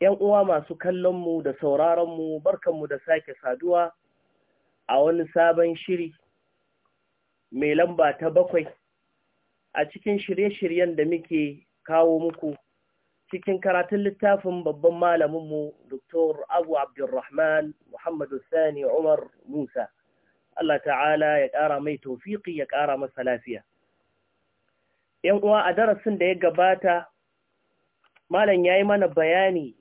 ‘Yan uwa masu kallonmu da sauraronmu, barkanmu da sake saduwa a wani sabon shiri mai lamba ta bakwai a cikin shirye-shiryen da muke kawo muku cikin karatun littafin babban malaminmu Dr. Abu Abdulrahman Muhammadu Sani Umar Musa. Allah ta'ala ya ƙara mai tofiƙi ya ƙara masa lafiya. ‘Yan uwa a darasin da ya gabata, Malam ya yi mana bayani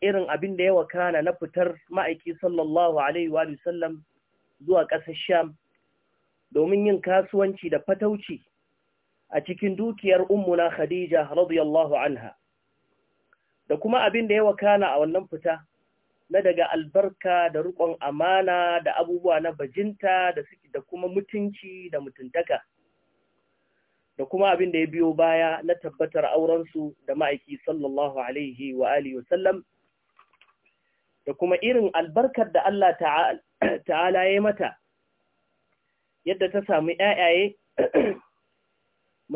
irin abin da yawa kana na fitar ma'aiki sallallahu alaihi wa sallam zuwa ƙasar sham domin yin kasuwanci da fatauci a cikin dukiyar ummuna khadija radiyallahu anha da kuma abin da yawa kana a wannan fita na daga albarka da rukon amana da abubuwa na bajinta da suke da kuma mutunci da mutuntaka da kuma abin da ya biyo baya na tabbatar aurensu da ma'aiki sallallahu alaihi wa alihi wa da kuma irin albarkar da Allah ta'ala ya mata yadda ta samu ƴaƴaye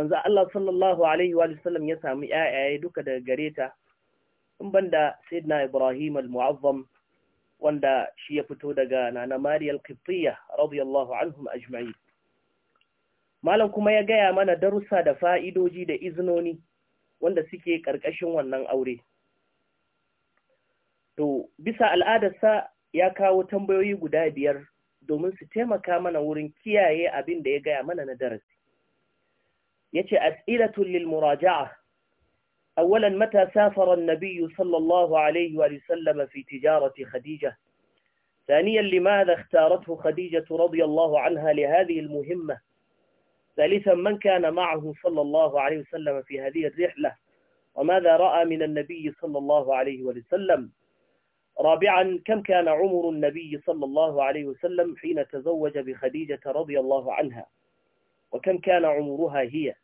manzo Allah sallallahu Alaihi wa sallam ya samu ƴaƴaye duka daga gare ta in banda Sayyidina Ibrahim al-Mu'azzam wanda shi ya fito daga Nana Mariyar qibtiyya radiyallahu anhum ajma'i. Malam kuma ya gaya mana darussa da fa'idoji da iznoni wanda suke karkashin wannan aure. To, bisa al'adarsa ya kawo tambayoyi guda biyar domin su taimaka mana wurin kiyaye abin da ya gaya mana na darasi. Ya ce, As'ilatun lil muraja'a, awalan mata safaran nabiyu sallallahu Alaihi wa sallama fi tijarati Khadija. ثانيا لماذا اختارته خديجة رضي الله عنها لهذه المهمة ثالثا من كان معه صلى الله عليه وسلم في هذه الرحلة وماذا رأى من النبي صلى الله عليه وسلم رابعا كم كان عمر النبي صلى الله عليه وسلم حين تزوج بخديجة رضي الله عنها وكم كان عمرها هي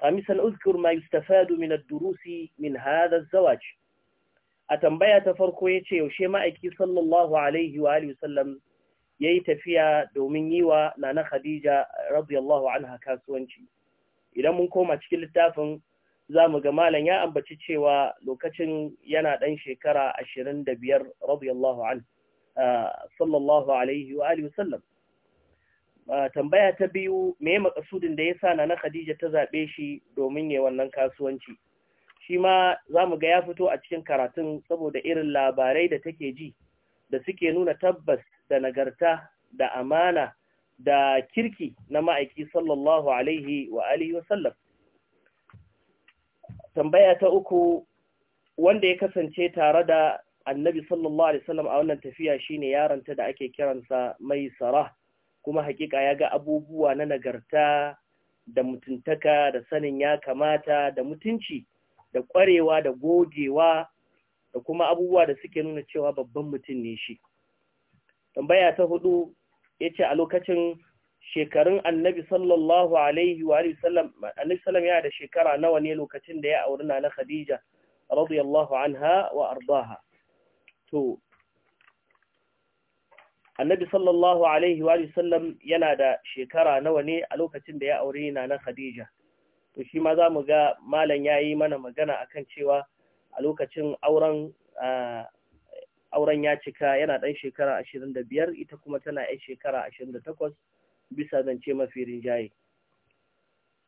خامسا أذكر ما يستفاد من الدروس من هذا الزواج أتنبيا تفرقوا يتشي وشيما أكي صلى الله عليه وآله وسلم ييت فيها دوميني ونانا خديجة رضي الله عنها كاسوانشي إذا منكم أتشكي التافن za mu ga malam ya ambaci cewa lokacin yana ɗan shekara ashirin da biyar radiyallahu an sallallahu alaihi wa alihi wasallam tambaya ta biyu me makasudin da ya sa na khadija ta zaɓe shi domin ya wannan kasuwanci shi ma za mu ga ya fito a cikin karatun saboda irin labarai da take ji da suke nuna tabbas da nagarta da amana da kirki na ma'aiki sallallahu alaihi wa alihi wasallam tambaya ta uku wanda ya kasance tare da annabi sallallahu alaihi wasallam a wannan tafiya shine yaranta da ake kiransa mai sarah kuma hakika ya ga abubuwa na nagarta da mutuntaka da sanin ya kamata da mutunci da kwarewa da gogewa da kuma abubuwa da suke nuna cewa babban mutum ne shi tambaya ta hudu yace a lokacin shekarun annabi sallallahu alaihi wa sallam annabi sallam ya da shekara nawa ne lokacin da ya auri na Khadija radiyallahu anha wa ardaha to annabi sallallahu alaihi wa sallam yana da shekara nawa ne a lokacin da ya aure na Khadija to shi ma zamu ga malam yayi mana magana akan cewa a lokacin auren auren ya cika yana dan shekara 25 ita kuma tana yan shekara 28 bisa zance mafi rinjaye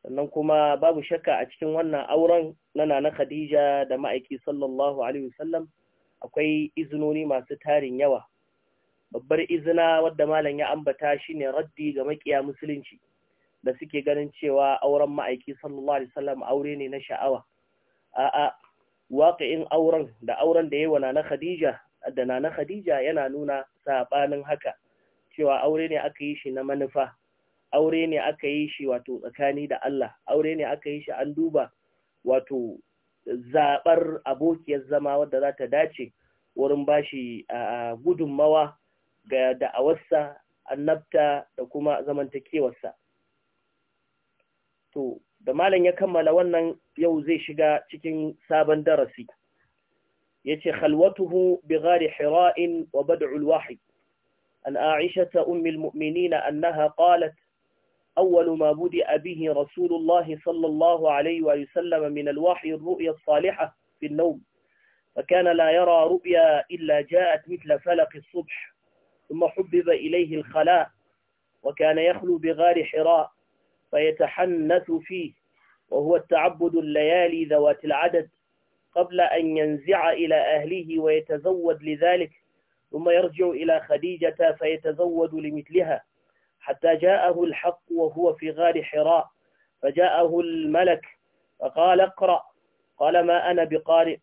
sannan kuma babu shakka a cikin wannan auren na nana khadija da ma'aiki sallallahu alaihi wasallam akwai izinoni masu tarin yawa babbar izina wadda malam ya ambata shine raddi ga makiya musulunci da suke ganin cewa auren ma'aiki sallallahu alaihi wasallam aure ne na sha'awa a'a waqi'in auren da auren da yayi wa nana khadija da nana khadija yana nuna sabanin haka cewa aure ne aka yi shi na manufa aure ne aka yi shi wato tsakani da Allah aure ne aka yi shi an duba wato zaɓar abokiyar zama wadda za ta dace wurin bashi gudunmawa ga da'awarsa annabta da kuma zamantakewarsa to da malam ya kammala wannan yau zai shiga cikin sabon darasi yace khalwatuhu bi ghari hira'in wa bad'ul wahid أن عائشة أم المؤمنين أنها قالت أول ما بدأ به رسول الله صلى الله عليه وسلم من الوحي الرؤيا الصالحة في النوم فكان لا يرى رؤيا إلا جاءت مثل فلق الصبح ثم حبب إليه الخلاء وكان يخلو بغار حراء فيتحنث فيه وهو التعبد الليالي ذوات العدد قبل أن ينزع إلى أهله ويتزود لذلك ثم يرجع إلى خديجة فيتزود لمثلها حتى جاءه الحق وهو في غار حراء فجاءه الملك فقال اقرأ قال ما أنا بقارئ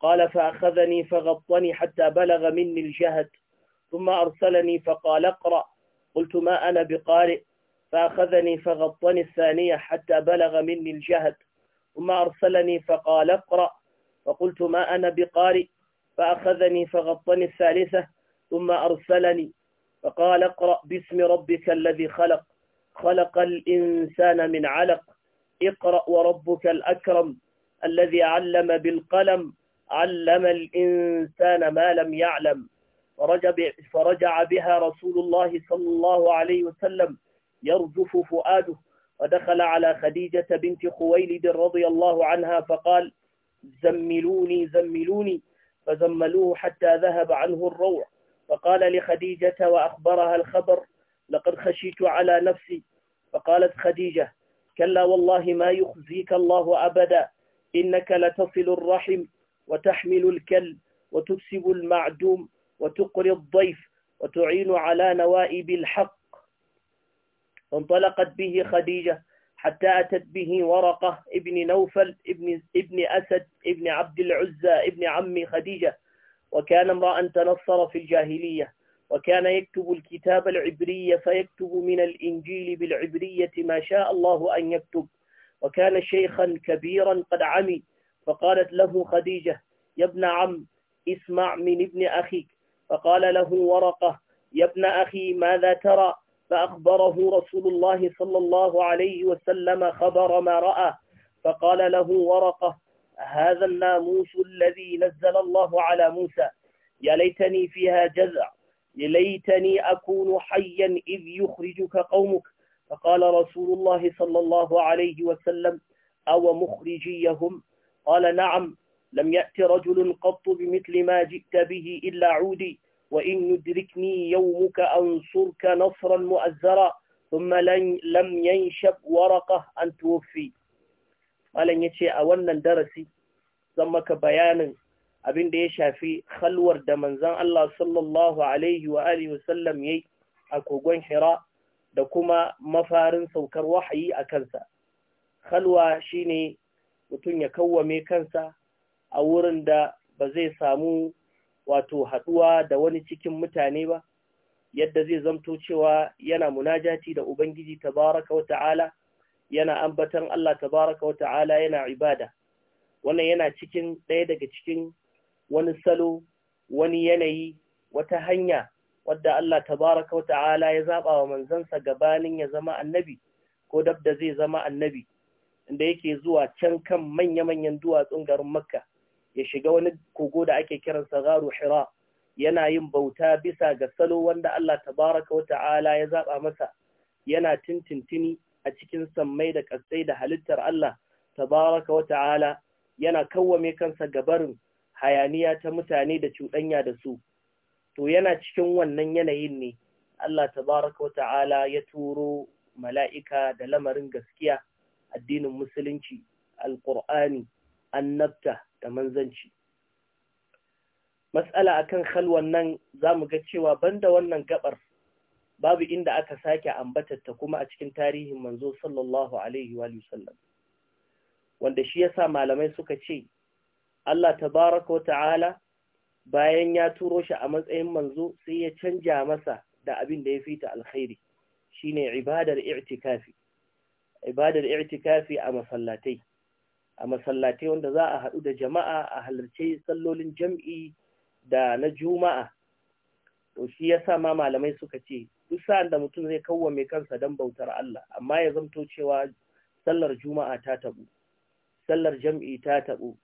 قال فأخذني فغطني حتى بلغ مني الجهد ثم أرسلني فقال اقرأ قلت ما أنا بقارئ فأخذني فغطني الثانية حتى بلغ مني الجهد ثم أرسلني فقال اقرأ فقلت ما أنا بقارئ فأخذني فغطني الثالثة ثم أرسلني فقال اقرأ باسم ربك الذي خلق خلق الإنسان من علق اقرأ وربك الأكرم الذي علم بالقلم علم الإنسان ما لم يعلم فرجع بها رسول الله صلى الله عليه وسلم يرجف فؤاده ودخل على خديجة بنت خويلد رضي الله عنها فقال زملوني زملوني فزملوه حتى ذهب عنه الروع فقال لخديجة وأخبرها الخبر لقد خشيت على نفسي فقالت خديجة كلا والله ما يخزيك الله أبدا إنك لتصل الرحم وتحمل الكل وتكسب المعدوم وتقري الضيف وتعين على نوائب الحق فانطلقت به خديجة حتى أتت به ورقة ابن نوفل ابن, ابن أسد ابن عبد العزة ابن عم خديجة وكان امرأ تنصر في الجاهلية وكان يكتب الكتاب العبري فيكتب من الإنجيل بالعبرية ما شاء الله أن يكتب وكان شيخا كبيرا قد عمي فقالت له خديجة يا ابن عم اسمع من ابن أخيك فقال له ورقة يا ابن أخي ماذا ترى فأخبره رسول الله صلى الله عليه وسلم خبر ما رأى فقال له ورقة هذا الناموس الذي نزل الله على موسى يا ليتني فيها جزع ليتني أكون حيا إذ يخرجك قومك فقال رسول الله صلى الله عليه وسلم أو مخرجيهم قال نعم لم يأت رجل قط بمثل ما جئت به إلا عودي وإن يدركني يومك أنصرك نصرا مؤزرا ثم لم ينشب ورقة أن توفي malam ya ce a wannan darasi zan maka bayanin abinda ya shafi halwar da manzan Allah sallallahu Alaihi a kogon Hira da kuma mafarin saukar wahayi a kansa. khalwa shine mutum ya kawwame kansa a wurin da ba zai samu wato haɗuwa da wani cikin mutane ba yadda zai zamto cewa yana munajati da ubangiji tabaraka wa ta'ala yana ambatan Allah tabaraka wa ta'ala yana ibada wannan yana cikin ɗaya daga cikin wani salo wani yanayi wata hanya wadda Allah tabaraka wa ta'ala ya zaba wa manzansa gabanin ya zama annabi ko dabda zai zama annabi inda yake zuwa can kan manya-manyan duwatsun garin Makka ya shiga wani kogo da ake kiransa garu hira yana yin bauta bisa ga salo wanda Allah tabaraka wa ta'ala ya zaba masa yana tintintini a cikin sammai da kasai da halittar Allah tabaraka wa ta'ala yana kawwame kansa gabarin hayaniya ta mutane da cuɗanya da su to yana cikin wannan yanayin ne Allah tabaraka wa ta'ala ya turo mala'ika da lamarin gaskiya addinin musulunci alqur'ani annabta da manzanci matsala akan khalwan nan mu ga cewa banda wannan gabar babu inda aka sake ambatatta kuma a cikin tarihin manzo sallallahu alaihi wa sallam wanda shi yasa malamai suka ce Allah tabaraka wa ta'ala bayan ya turo shi a matsayin manzo sai ya canja masa da abin da ya fita alkhairi shine ibadar i'tikafi ibadar i'tikafi a masallatai a masallatai wanda za a haɗu da jama'a a halarci sallolin jam'i da na juma'a to shi yasa ma malamai suka ce duk sa'an da mutum zai kawwame kansa don bautar Allah amma ya zamto cewa sallar juma'a ta tabu sallar jam'i ta tabu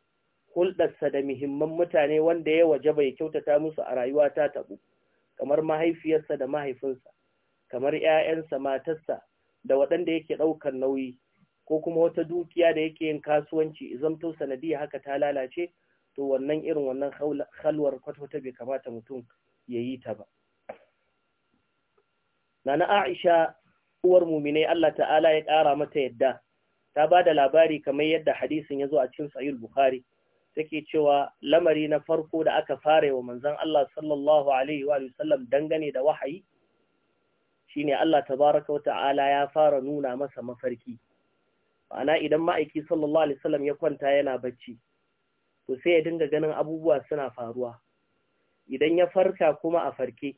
hulɗarsa da muhimman mutane wanda ya waje bai kyautata musu a rayuwa ta tabu kamar mahaifiyarsa da mahaifinsa kamar ‘ya'yansa matarsa da waɗanda yake ɗaukar nauyi ko kuma wata dukiya da yake yin kasuwanci zamto sanadiya haka ta lalace to wannan irin wannan halwar kwatwata bai kamata mutum ya yi ta ba nana aisha uwar muminai Allah ta'ala ya ƙara mata yadda ta ba da labari kamar yadda hadisin ya zo a cikin sahih bukhari take cewa lamari na farko da aka fara wa manzon Allah sallallahu alaihi wa sallam dangane da wahayi shine Allah tabaraka wa ta'ala ya fara nuna masa mafarki ma'ana idan ma'aiki sallallahu alaihi wasallam ya kwanta yana bacci to sai ya dinga ganin abubuwa suna faruwa idan ya farka kuma a farke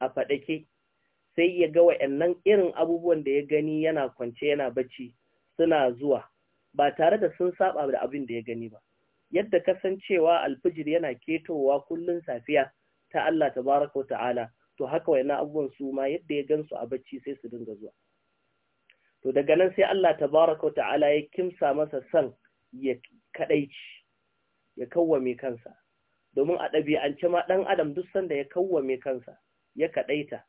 a faɗake sai ya ga wayannan irin abubuwan da ya gani yana kwance yana bacci suna zuwa ba tare da sun saba da abin da ya gani ba yadda kasancewa alfijir yana ketowa kullun safiya ta Allah tabaraka wa ta'ala to haka wayannan abubuwan su ma yadda ya gansu a bacci sai su dinga zuwa to daga nan sai Allah tabaraka wa ta'ala ya kimsa masa san ya kadaici ya kawwame kansa domin a ɗabi'ance ma ɗan adam duk sanda ya kawwame kansa ya kadaita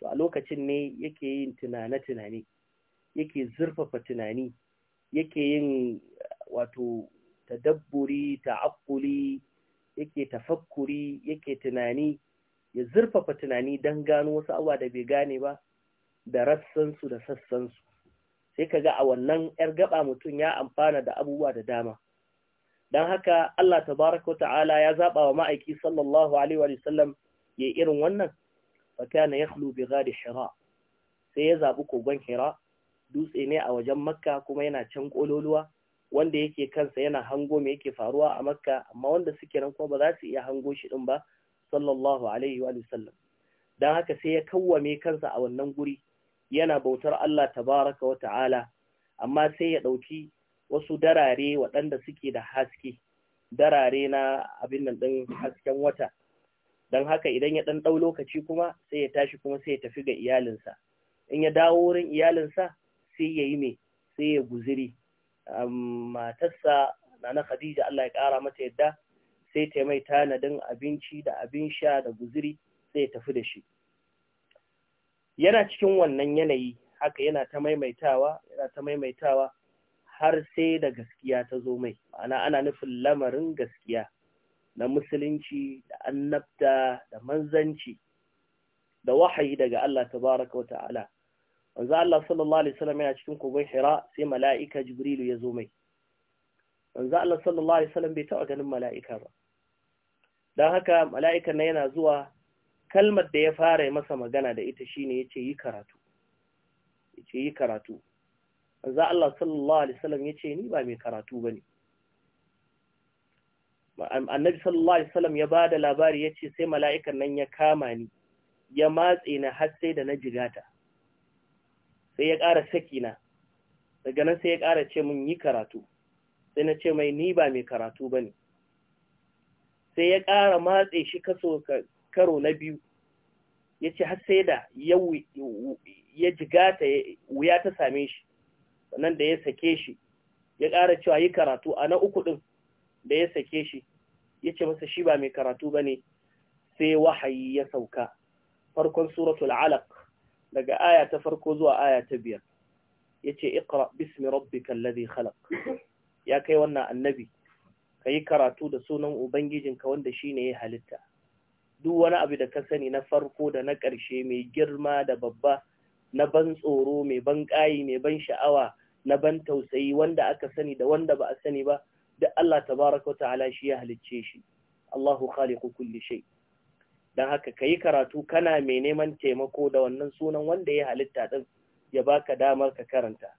to a lokacin ne yake yin tunane-tunane yake zurfafa tunani yake yin eh, wato tadabburi ta'akkuli yake tafakkuri yake tunani ya zurfafa tunani don gano wasu abuwa da bai gane ba da rassansu da sassansu sai ka ga a wannan ‘yar gaba mutum ya amfana da abubuwa da dama. Don haka Allah tabaraka ta'ala ya zaɓa wa ma'aiki sallallahu Alaihi wa sallam ya irin wannan, fata na ya bi gadi shira, sai ya zaɓi kogon hira, dutse ne a wajen makka kuma yana can ƙololuwa, wanda yake kansa yana hango mai yake faruwa a makka, amma wanda suke nan kuma ba za su iya hango shi ɗin ba, sallallahu Alaihi wa sallam. Don haka sai ya kawwame kansa a wannan guri, yana bautar Allah tabaraka wa ta'ala amma sai ya ɗauki wasu darare waɗanda suke da haske darare na abin nan ɗin hasken wata don haka idan ya ɗan ɗau lokaci kuma sai ya tashi kuma sai ya tafi ga iyalinsa in ya dawo wurin iyalinsa sai ya yi me sai ya guziri matarsa na na khadija Allah ya ƙara mata yadda sai ta mai tanadin abinci da abin sha da guziri sai ya tafi da shi yana cikin wannan yanayi haka yana ta maimaitawa yana ta maimaitawa har sai da gaskiya ta zo mai Ma'ana ana nufin lamarin gaskiya na musulunci da annabta da manzanci da wahayi daga Allah tabaraka wata'ala wanzu Allah sallallahu alaihi wasallam yana cikin kogon Hira sai mala'ika Jibrilu ya zo mai wanzu Allah sallallahu alaihi wasallam bai taɓa ganin mala'ika ba don haka mala'ikan na yana zuwa kalmar da ya fara masa magana da ita shine yace yi karatu yace yi karatu manzo Allah sallallahu alaihi wasallam yace ni ba mai karatu bane annabi sallallahu alaihi wasallam ya bada labari yace sai mala'ikan nan ya kama ni ya matse ni har sai da na jigata sai ya ƙara sakina daga nan sai ya ƙara ce mun yi karatu sai na ce mai ni ba mai karatu bane sai ya ƙara matse shi kaso karo na biyu ya ce har sai da ya jigata wuya ta same shi sannan da ya sake shi ya ƙara cewa yi karatu a na uku ɗin da ya sake shi ya ce masa shi ba mai karatu ba ne sai wahayi ya sauka farkon suratul alaq daga aya ta farko zuwa aya ta biyar ya ce ikra bismi rabbika alladhi khalaq ya kai wannan annabi ka yi karatu da sunan ubangijinka wanda shine ya halitta duk wani abu da ka sani na farko da na ƙarshe mai girma da babba na ban tsoro mai ban ƙayi mai ban sha'awa na ban tausayi wanda aka sani da wanda ba a sani ba duk Allah tabaraka ta'ala shi ya halicce shi Allahu khaliqu kulli shay dan haka kai karatu kana mai neman taimako da wannan sunan wanda ya halitta din ya baka damar ka karanta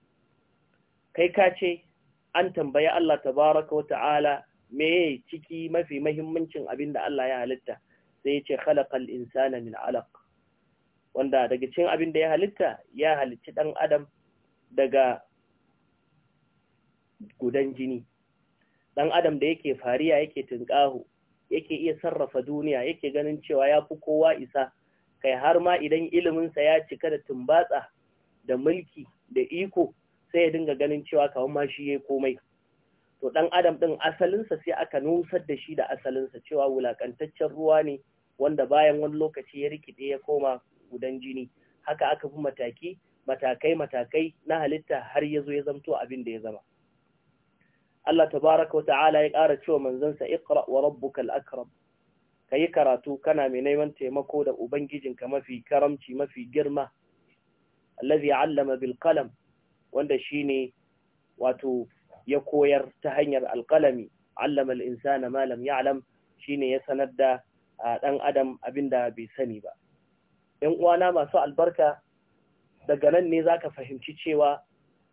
kai ka ce an tambayi Allah tabaraka ta'ala me ciki mafi mahimmancin abin da Allah ya halitta sai ya ce khalaqal insana min alaq wanda daga cikin abin da ya halitta ya halicci ɗan adam daga gudan jini Ɗan adam da yake fariya yake tunƙaho, yake iya sarrafa duniya yake ganin cewa ya fi kowa isa kai har ma idan iliminsa ya cika da tumbatsa da mulki da iko sai ya dinga ganin cewa kawai ma shi yayi komai to dan adam ɗin asalinsa sai aka nusar da shi da asalinsa cewa wulakantaccen ruwa ne wanda bayan wani lokaci ya rikide ya koma gudan jini haka aka bi mataki matakai matakai na halitta har ya zo ya zamto abin da ya zama Allah tabaraka wa ta'ala ya ƙara cewa manzansa iqra wa rabbuka al-akram kayi karatu kana mai neman taimako da ubangijinka mafi karamci mafi girma alladhi allama bil qalam wanda shine wato ya koyar ta hanyar alƙalami allama insana malam ya'lam shine ya sanar da ɗan adam abin da bai sani ba ‘yan uwana masu albarka daga nan ne za ka fahimci cewa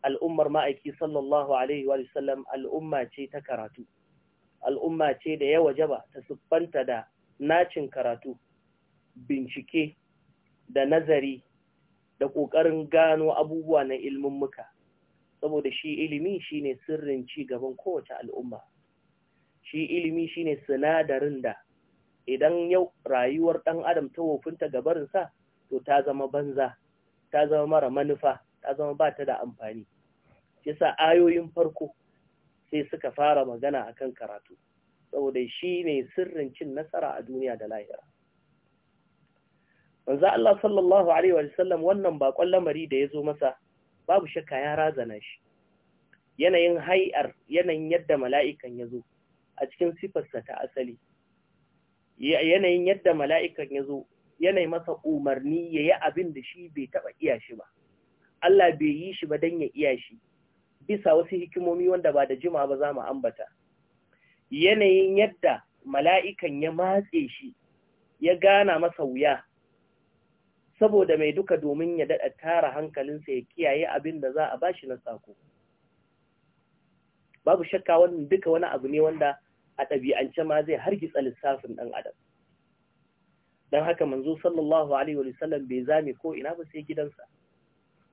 al'ummar ma'aiki sallallahu alaihi wa sallam al'umma ce ta karatu al'umma ce da ya waje ba ta siffanta da nacin karatu bincike da nazari da ƙoƙarin gano abubuwa na ilmummuka saboda shi ilimi shine sirrin ci gaban kowace al'umma shi ilimi shine sinadarin da idan yau rayuwar ɗan adam ta wofinta gabarinsa to ta zama banza ta zama mara manufa ta zama ba ta da amfani yasa ayoyin farko sai suka fara magana akan karatu saboda shi ne sirrin cin nasara a duniya da lahira manzo Allah sallallahu alaihi wa sallam wannan bakon lamari da ya zo masa babu shakka ya razana shi yanayin hai'ar yanayin yadda mala'ikan ya zo a cikin sifarsa ta asali yanayin yadda mala'ikan ya zo yanayi masa umarni ya yi abin da shi bai taɓa iya shi ba Allah bai yi shi ba don ya iya shi bisa wasu hikimomi wanda ba da jima ba za mu ambata yanayin yadda mala'ikan ya matse shi ya gana masa wuya saboda mai duka domin ya daɗa tara hankalinsa ya kiyaye abin da za a shi na sako babu shakka wannan duka wani abu ne wanda a ɗabi'ance ma zai hargitsa lissafin ɗan adam don haka manzo sallallahu alaihi wa sallam bai zame ko ina ba sai gidansa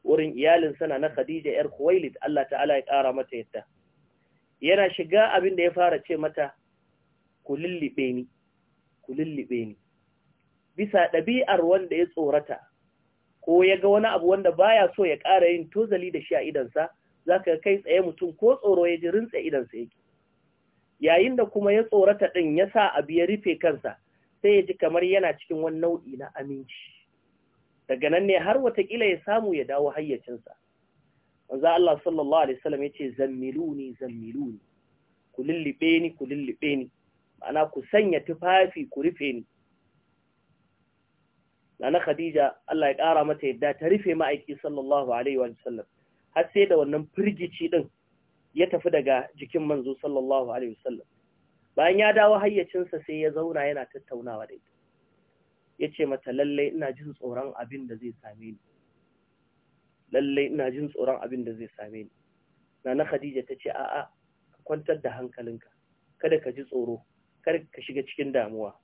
wurin iyalinsa na na Khadija yar Khuwailid Allah ta'ala ya ƙara mata yadda yana shiga abin da ya fara ce mata ku lullube ni ku lullube ni bisa ɗabi'ar wanda ya tsorata ko ya ga wani abu wanda baya so ya ƙara yin tozali da shi a idansa za ka kai tsaye mutum ko tsoro ya ji rintse idansa yake yayin da kuma ya tsorata ɗin ya sa abu ya rufe kansa sai ya ji kamar yana cikin wani nau'i na aminci daga nan ne har watakila ya samu ya dawo hayyacinsa manzo Allah sallallahu alaihi wasallam yace zammiluni zammiluni ku lullube ni ku lullube ni ma'ana ku sanya tufafi ku rufe ni nana khadija Allah ya ƙara mata yadda ta rufe ma'aiki sallallahu alaihi wa sallam har sai da wannan firgici ɗin ya tafi daga jikin manzo sallallahu alaihi wa sallam bayan ya dawo hayyacinsa sai ya zauna yana tattaunawa da ita yace mata lalle ina jin tsoron abin da zai same ni lalle ina jin tsoron abin da zai same ni nana khadija ta ce, a'a ka kwantar da hankalinka kada ka ji tsoro kada ka shiga cikin damuwa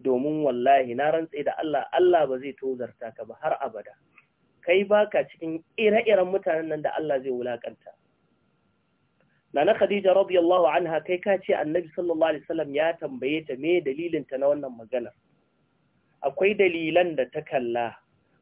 domin wallahi na rantse da Allah Allah ba zai tozarta ka ba har abada kai baka cikin ire-iren mutanen nan da Allah zai wulakanta Nana Khadija radiyallahu anha kai ka ce Annabi sallallahu alaihi wasallam ya tambaye ta me dalilin ta na wannan magana akwai dalilan da ta kalla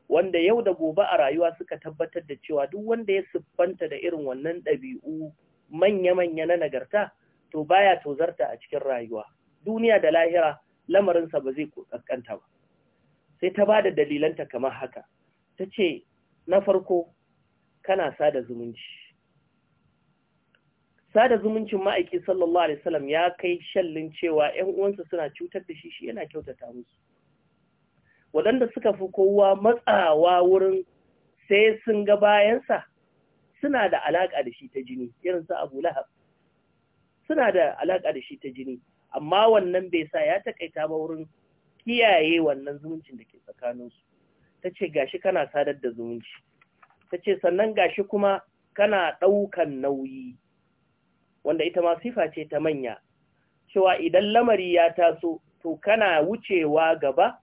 wanda yau da gobe a rayuwa suka tabbatar da cewa duk wanda ya siffanta da irin wannan ɗabi'u manya-manya na nagarta to baya tozarta a cikin rayuwa duniya da lahira lamarinsa ba zai kaskanta ba sai ta ba da dalilanta kamar haka ta ce na farko kana sada zumunci sada zumuncin ma'aiki sallallahu alaihi wasallam ya kai shallin cewa ‘yan uwansa suna cutar da shi shi yana kyautata musu waɗanda suka fi kowa matsawa wurin sai sun ga bayansa suna da alaƙa da shi ta jini irin su abu lahab suna da alaƙa da shi ta jini amma wannan bai sa ya takaita ba wurin kiyaye wannan zumuncin da ke tsakaninsu ta ce gashi kana sadar da zumunci ta ce sannan gashi kuma kana ɗaukan nauyi wanda ita ma sifa ce ta manya cewa idan lamari ya taso to kana wucewa gaba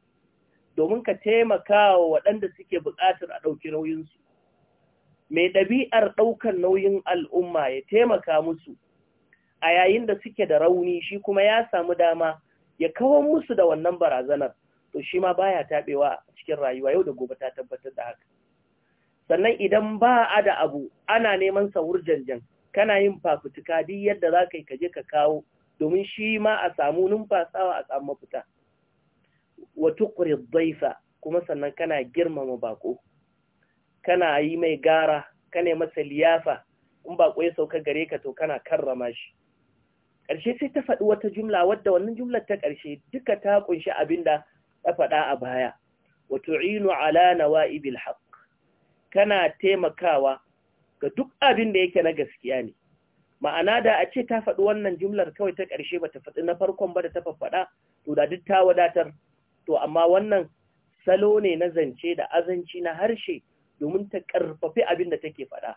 domin ka taimaka wa waɗanda suke buƙatar a ɗauki nauyinsu mai ɗabi'ar ɗaukan nauyin al'umma ya taimaka musu a yayin da suke da rauni shi kuma ya samu dama ya kawo musu da wannan barazanar to shi ma baya taɓewa cikin rayuwa yau da gobe ta tabbatar da haka sannan idan ba a da abu ana neman sahur janjan kana yin fafutuka duk yadda za ka yi kaje ka kawo domin shi ma a samu numfasawa a samu mafita wa tuqri dhaifa kuma sannan kana girmama bako kana yi mai gara kana masa liyafa in bako ya sauka gare ka to kana karrama shi ƙarshe sai ta faɗi wata jumla wadda wannan jumlar ta ƙarshe duka ta kunshi abin da ta faɗa a baya wa tu'inu ala nawa'ibil haqq kana taimakawa ga duk abin da yake na gaskiya ne ma'ana da a ce ta faɗi wannan jumlar kawai ta ƙarshe ba ta faɗi na farkon ba da ta faɗa to da duk ta wadatar to amma wannan salo ne na zance da azanci na harshe domin ta ƙarfafi abin da take faɗa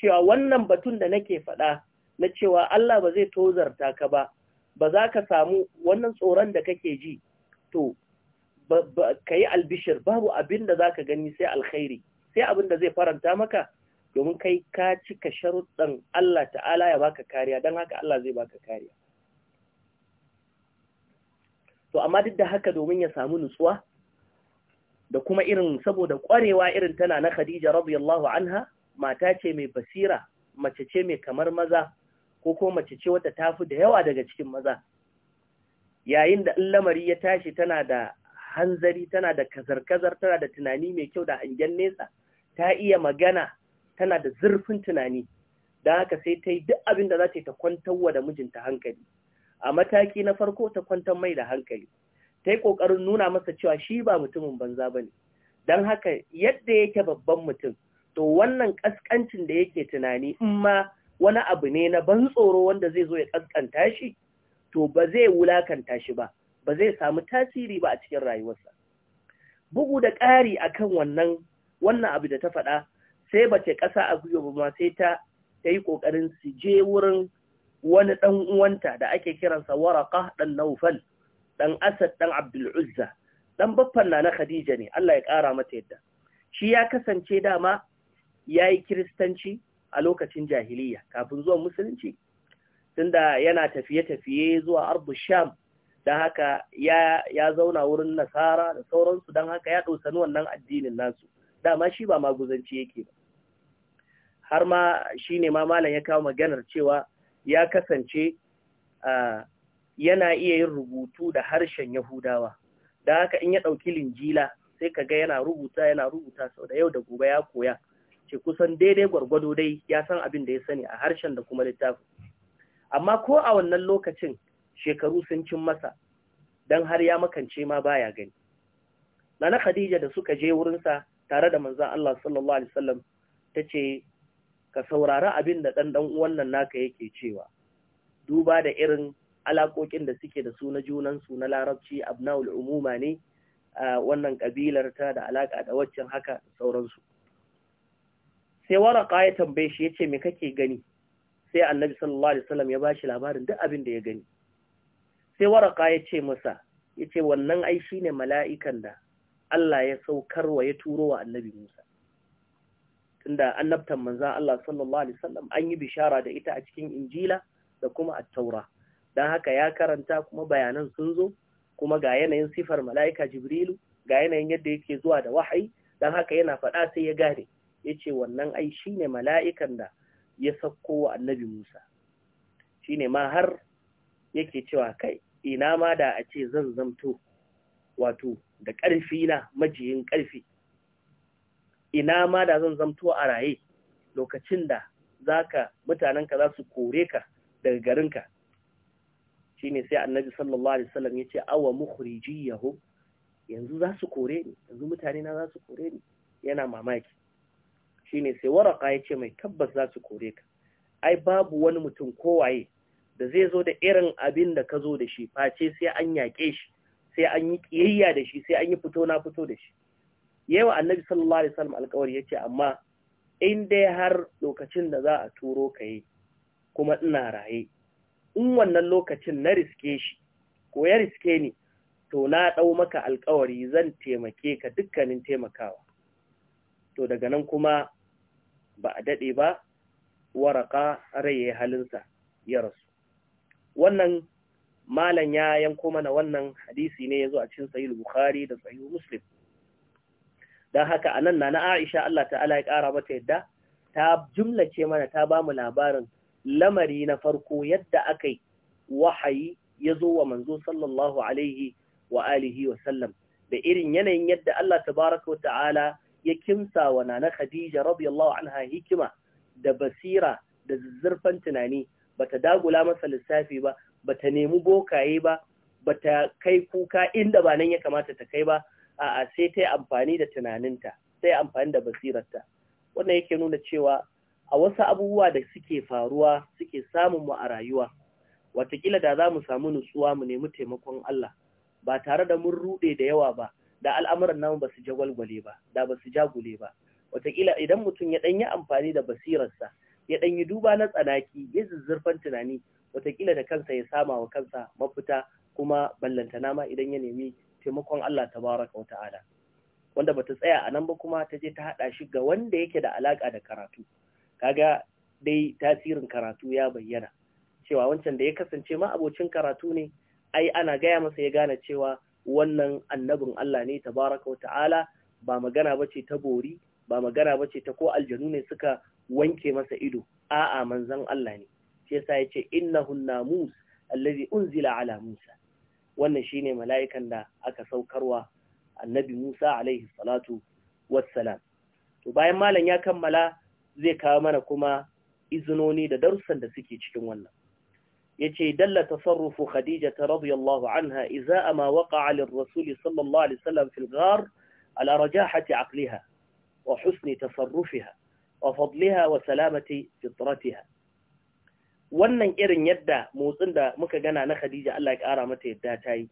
cewa wannan batun da nake faɗa na cewa Allah ba zai tozarta ka ba ba za ka samu wannan tsoron da kake ji to ka yi albishir babu abin da za ka gani sai alkhairi sai abin da zai faranta maka domin kai ka cika sharuɗan Allah ta'ala ya baka kariya don haka Allah zai baka kariya to amma duk da haka domin ya samu nutsuwa da kuma irin saboda kwarewa irin tana na Khadija radiyallahu anha mata ce mai basira mace ce mai kamar maza ko ko mace ce wata tafi da yawa daga cikin maza yayin da in lamari ya tashi tana da hanzari tana da kazar-kazar tana da tunani mai kyau da hangen nesa ta iya magana tana da zurfin tunani don haka sai ta yi duk abin da za ta yi ta wa da mijinta hankali a mataki na farko ta kwantar mai da hankali ta yi ƙoƙarin nuna masa cewa shi ba mutumin banza ba ne don haka yadda yake babban mutum to wannan ƙasƙancin da yake tunani in ma wani abu ne na ban tsoro wanda zai zo ya kaskanta shi to ba zai wulakanta shi ba ba zai samu tasiri ba a cikin rayuwarsa bugu da ƙari a kan wannan wannan abu da ta faɗa sai ba ce ƙasa a gwiwa ba ma sai ta ta yi ƙoƙarin su je wurin wani ɗan uwanta da ake kiransa waraka ɗan naufal ɗan asad ɗan abdul'uzza ɗan baffan na na khadija ne allah ya ƙara mata yadda shi ya kasance dama ya yi kiristanci a lokacin jahiliya kafin zuwan musulunci tunda yana tafiye-tafiye zuwa arbu sham don haka ya, ya zauna wurin nasara da sauransu don haka ya ɗosani wannan addinin nasu dama shi ba maguzanci yake ba har ma shi ne ma malam ya kawo maganar cewa ya kasance yana iya yin rubutu da harshen yahudawa don haka in ya ɗauki linjila sai ka ga yana rubuta yana rubuta sau da yau da gobe ya koya ce kusan daidai gwargwado dai ya san abin da ya sani a harshen da kuma littafin amma ko a wannan lokacin shekaru sun cin masa don har ya makance ma baya gani nana khadija da suka je wurinsa tare da manzon Allah sallallahu alaihi wasallam tace ka saurari abin da ɗanɗan dan naka yake cewa duba da irin alakokin da suke da su na junansu na larabci abnaul umuma ne wannan kabilar ta da alaƙa da waccan haka sauransu sai waraka ya tambaye shi yace me kake gani sai annabi sallallahu alaihi wasallam ya bashi labarin duk abin da ya gani sai waraka ya ce masa yace wannan ai ne mala'ikan da Allah ya saukarwa ya turo wa annabi Musa tunda annabtan manza Allah sallallahu alaihi wasallam an yi bishara da ita a cikin injila da kuma at-taura dan haka ya karanta kuma bayanan sun zo kuma ga yanayin sifar mala'ika jibrilu ga yanayin yadda yake zuwa da wahayi Don haka yana faɗa sai ya gane ya ce wannan ai shi ne mala'ikan da ya sauko wa annabi Musa, shi ne ma har yake cewa kai ina ma da a ce zan zamto wato da ƙarfi na majiyin ƙarfi, ina ma da zan zamto a raye lokacin da za ka mutanenka za su kore ka daga garinka. Shi ne sai annabi sallallahu Alaihi wasallam ya ce, awa muhriji yahu, yanzu za su kore ni, yanzu mutane na za su kore ni, yana mamaki. shine sai waraka ya ce mai tabbas za su kore ka ai babu wani mutum kowaye da zai zo da irin abin da ka zo da shi face sai an yaƙe shi sai an yi ƙiyayya da shi sai an yi fito na fito da shi yawa annabi sallallahu alaihi wasallam alƙawari yace amma in dai har lokacin da za a turo ka yi kuma ina raye in wannan lokacin na riske shi ko ya riske ni to na ɗau maka alƙawari zan taimake ka dukkanin taimakawa to daga nan kuma ba a daɗe ba waraka raye halinsa ya rasu wannan malam ya yanko mana wannan hadisi ne ya zo a cikin sahih bukhari da sahih muslim don haka a nan na na aisha Allah ta'ala ya ƙara mata yadda ta jumlace mana ta ba mu labarin lamari na farko yadda aka yi wahayi ya zo wa manzo sallallahu alaihi wa alihi wa sallam da irin yanayin yadda Allah tabaraka wa ta'ala ya kimsa wa nana Khadija radiyallahu anha hikima da basira da zurfan tunani bata dagula masa lissafi ba bata nemi bokaye ba bata kai kuka inda ba nan ya kamata ta kai ba a'a sai ta yi amfani da tunaninta sai amfani da basirarta wannan yake nuna cewa a wasu abubuwa da suke faruwa suke samun mu a rayuwa watakila da za mu samu nutsuwa mu nemi taimakon Allah ba tare da mun rude da yawa ba da al'amuran namu ba su gwalgwale ba da ba su gule ba wataƙila idan mutum ya ɗan yi amfani da basirarsa ya ɗan yi duba na tsanaki ya zuzzurfan tunani wataƙila da kansa ya sama wa kansa mafita kuma ballantana ma idan ya nemi taimakon Allah tabaraka wa ta'ala wanda bata tsaya a nan ba kuma ta je ta haɗa shi ga wanda yake da alaƙa da karatu kaga dai tasirin karatu ya bayyana cewa wancan da ya kasance ma abocin karatu ne ai ana gaya masa ya gane cewa wannan annabin Allah ne tabaraka wa ta'ala ba magana bace ta bori ba magana bace ta ko aljanu ne suka wanke masa ido a'a manzon Allah ne shi yasa yace innahu namus allazi unzila ala Musa wannan shine mala'ikan da aka saukarwa annabi Musa alaihi salatu wassalam to bayan malam ya kammala zai kawo mana kuma izinoni da darussan da suke cikin wannan yace dalla tasarrufu khadija radiyallahu anha a ma waqa'a lirrasul sallallahu alaihi wasallam fil ghar ala rajahati aqliha wa husni tasarrufiha wa fadliha wa salamati fitratiha wannan irin yadda motsin da muka gana na khadija Allah ya kara mata yadda ta yi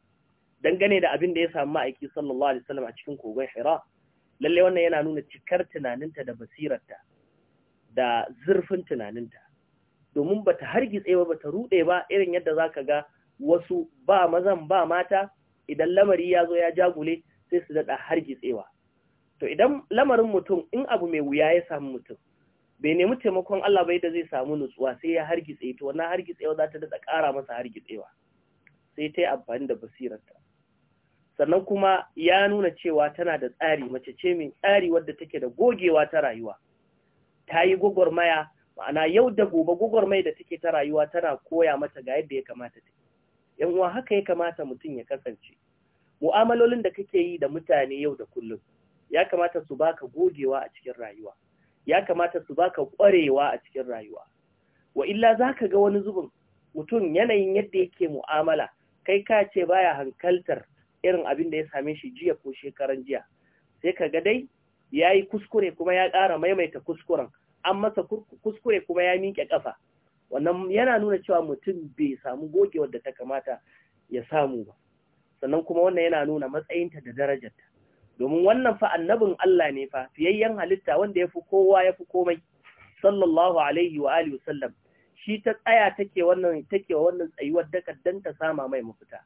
dangane da abin da ya samu ma'aiki sallallahu alaihi wasallam a cikin kogon hira lalle wannan yana nuna cikar tunaninta da basirarta da zurfin tunaninta domin ba ta hargitse ba ta rude ba irin yadda zaka ga wasu ba mazan ba mata idan lamari ya zo ya jagule sai su daɗa hargitsewa to idan lamarin mutum in abu mai wuya ya samu mutum bai nemi taimakon Allah bai da zai samu nutsuwa sai ya hargitse to wannan hargitsewa za ta daɗa ƙara masa hargitsewa sai ta yi amfani da basirarta sannan kuma ya nuna cewa tana da tsari mace ce mai tsari wadda take da gogewa ta rayuwa ta yi gwagwarmaya ma'ana yau da gobe mai da take ta rayuwa tana koya mata ga yadda ya kamata ta yan uwa haka ya kamata mutum ya kasance mu'amalolin da kake yi da mutane yau da kullum ya kamata su baka gogewa a cikin rayuwa ya kamata su baka ƙwarewa a cikin rayuwa wa illa zaka ga wani zubin mutum yanayin yadda yake mu'amala kai ka ce baya hankaltar irin abin da ya same shi jiya ko shekaran jiya sai ka ga dai ya yi kuskure kuma ya ƙara maimaita kuskuren an masa kuskure kuma ya miƙe ƙafa wannan yana nuna cewa mutum bai samu gogewar da ta kamata ya samu ba sannan kuma wannan yana nuna matsayinta da darajarta domin wannan fa annabin Allah ne fa fiyayyen halitta wanda ya fi kowa ya fi komai sallallahu alaihi wa alihi wasallam shi ta tsaya take wannan take wannan tsayuwar daka dan ta sama mai mafita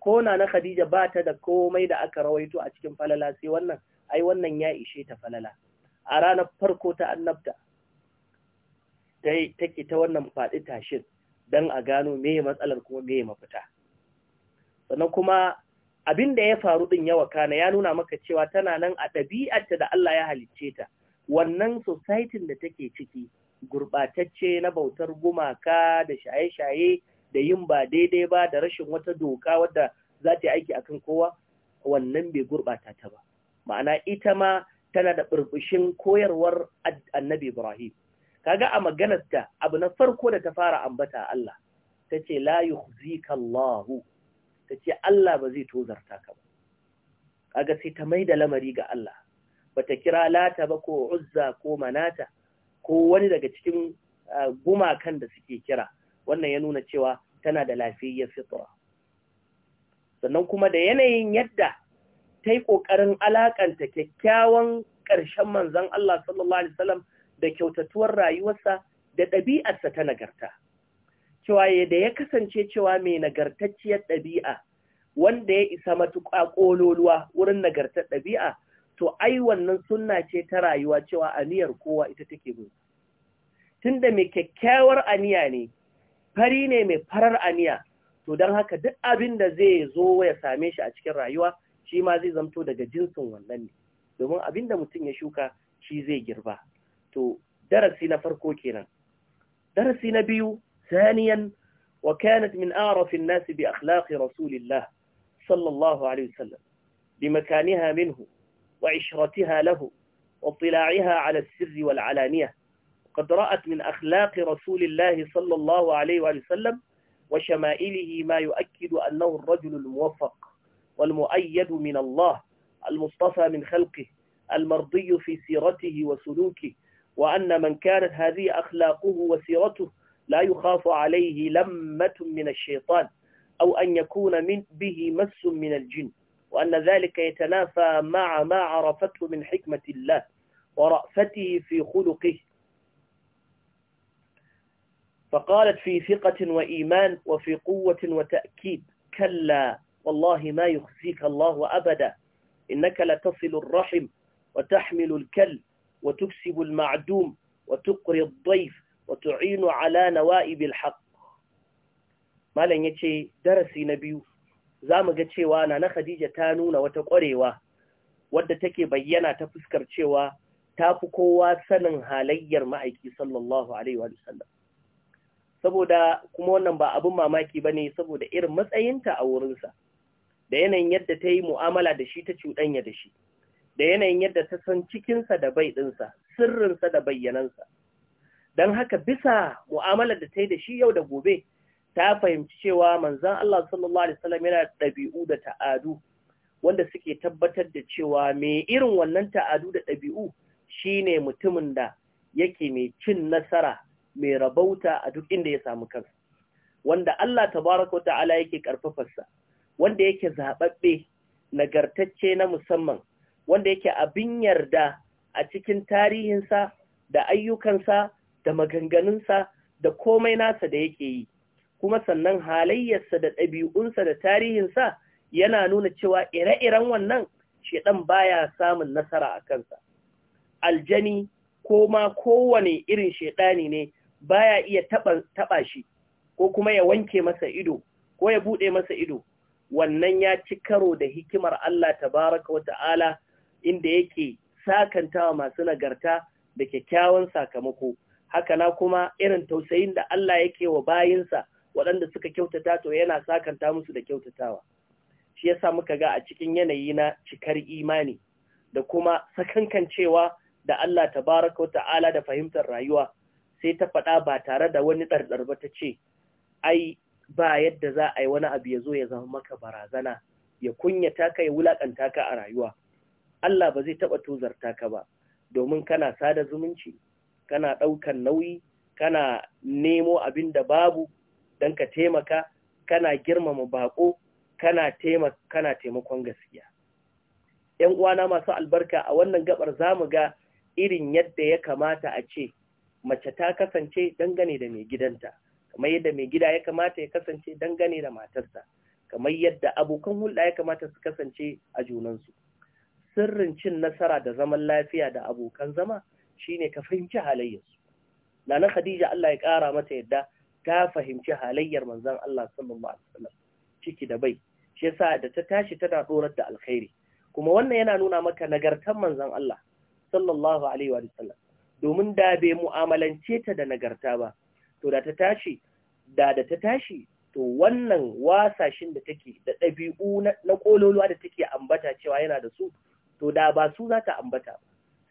ko na na Khadija ba ta da komai da aka rawaito a cikin falala sai wannan ai wannan ya ishe ta falala a ranar farko ta annabta take ta wannan faɗi tashin don a gano meye matsalar kuma meye mafita sannan kuma abin da ya faru ɗin yawa kana ya nuna maka cewa tana nan a ɗabi'arta da Allah ya halicce ta wannan societin da take ciki gurɓatacce na bautar gumaka da shaye-shaye da yin ba daidai ba da rashin wata doka wadda za ta yi aiki akan kowa wannan bai gurɓata ta ba ma'ana ita ma tana da burbushin koyarwar annabi Ibrahim kaga a maganarta abu na farko da ta fara ambata Allah tace la yukhzika Allah tace Allah ba zai tozarta ka ba kaga sai ta maida lamari ga Allah bata kira lata ba ko uzza ko manata ko wani daga cikin gumakan da suke kira wannan ya nuna cewa tana da lafiyar fitra sannan kuma da yanayin yadda ta yi ƙoƙarin alaƙanta kyakkyawan ƙarshen manzan Allah sallallahu Alaihi wasallam da kyautatuwar rayuwarsa da ɗabi'arsa ta nagarta. Cewa da ya kasance cewa mai nagartacciyar ɗabi'a wanda ya isa matuƙa ƙololuwa wurin nagartar ɗabi'a, to ai wannan sunna ce ta rayuwa cewa aniyar kowa ita take bin. Tunda mai kyakkyawar aniya ne, fari ne mai farar aniya, to don haka duk abin da zai zo ya same shi a cikin rayuwa, shi ma zai zamto daga jinsin wannan ne, domin abin da mutum ya shuka shi zai girba. تو darasi na farko kenan ثانيا وكانت من أعرف الناس بأخلاق رسول الله صلى الله عليه وسلم بمكانها منه وعشرتها له واطلاعها على السر والعلانية قد رأت من أخلاق رسول الله صلى الله عليه وسلم وشمائله ما يؤكد أنه الرجل الموفق والمؤيد من الله المصطفى من خلقه المرضي في سيرته وسلوكه وأن من كانت هذه أخلاقه وسيرته لا يخاف عليه لمة من الشيطان أو أن يكون من به مس من الجن وأن ذلك يتنافى مع ما عرفته من حكمة الله ورأفته في خلقه فقالت في ثقة وإيمان وفي قوة وتأكيد كلا والله ما يخزيك الله أبدا إنك لتصل الرحم وتحمل الكل وتكسب المعدوم وتقري الضيف وتعين على نوائب الحق malam ya ce darasi na biyu za mu ga cewa Nana khadija ta nuna wata ƙwarewa wadda take bayyana ta fuskar cewa ta fi kowa sanin halayyar ma'aiki sallallahu alaihi wa sallam saboda kuma wannan ba abin mamaki ba ne saboda irin matsayinta a wurinsa da yanayin yadda ta yi mu'amala da shi ta cuɗanya da shi da yanayin yadda ta san cikinsa da bai ɗinsa, sirrinsa da bayyanansa. Don haka bisa mu'amalar da ta yi da shi yau da gobe, ta fahimci cewa manzan Allah sallallahu Alaihi wasallam yana ɗabi'u da ta'adu, wanda suke tabbatar da cewa mai irin wannan ta'adu da ɗabi'u shi ne mutumin da yake mai cin nasara, mai rabauta a duk inda ya samu kansa. Wanda Allah tabaraka wa ta'ala yake ƙarfafarsa, wanda yake zaɓaɓɓe, nagartacce na musamman, wanda yake abin yarda a cikin tarihinsa da ayyukansa da maganganunsa da komai nasa da yake yi kuma sannan halayyarsa da ɗabi'unsa da tarihinsa yana nuna cewa ire-iren wannan shedan baya samun nasara a kansa aljani ko ma kowane irin shiɗani ne baya iya taɓa shi ko kuma ya wanke masa ido ko ya buɗe masa ido wannan ya ci karo da hikimar Allah tabaraka wata'ala inda yake sakantawa masu nagarta da kyakkyawan sakamako hakana kuma irin tausayin da Allah yake wa bayinsa waɗanda suka kyautata to yana sakanta musu da kyautatawa shi yasa muka ga a cikin yanayi na cikar imani da kuma sakankancewa da Allah tabaraka ta'ala da fahimtar rayuwa sai ta faɗa ba tare da wani ɗarɗar ba ta ce ai ba yadda za a yi wani abu ya zo ya zama maka barazana ya kunyata ka ya wulaƙanta ka a rayuwa Allah ba zai taɓa tozarta ka ba domin kana sada zumunci kana ɗaukan nauyi kana nemo abin da babu don ka taimaka kana girmama baƙo kana taimakon gaskiya ‘yan uwana masu albarka a wannan gabar za mu ga irin yadda ya kamata a ce mace ta kasance dangane da mai gidanta kamar yadda mai gida ya kamata ya kasance dangane da matarsa kamar yadda abokan hulɗa ya kamata su kasance a junansu sirrin cin nasara da zaman lafiya da abokan zama shine ka fahimci halayyarsu nana khadija Allah ya ƙara mata yadda ta fahimci halayyar manzon Allah sallallahu alaihi wasallam ciki da bai shi yasa da ta tashi tana dorar da alkhairi kuma wannan yana nuna maka nagartar manzon Allah sallallahu alaihi wasallam domin da bai mu'amalance ta da nagarta ba to da ta tashi da da ta tashi to wannan wasashin da take da ɗabi'u na kololuwa da take ambata cewa yana da su to da ba su za ta ambata ba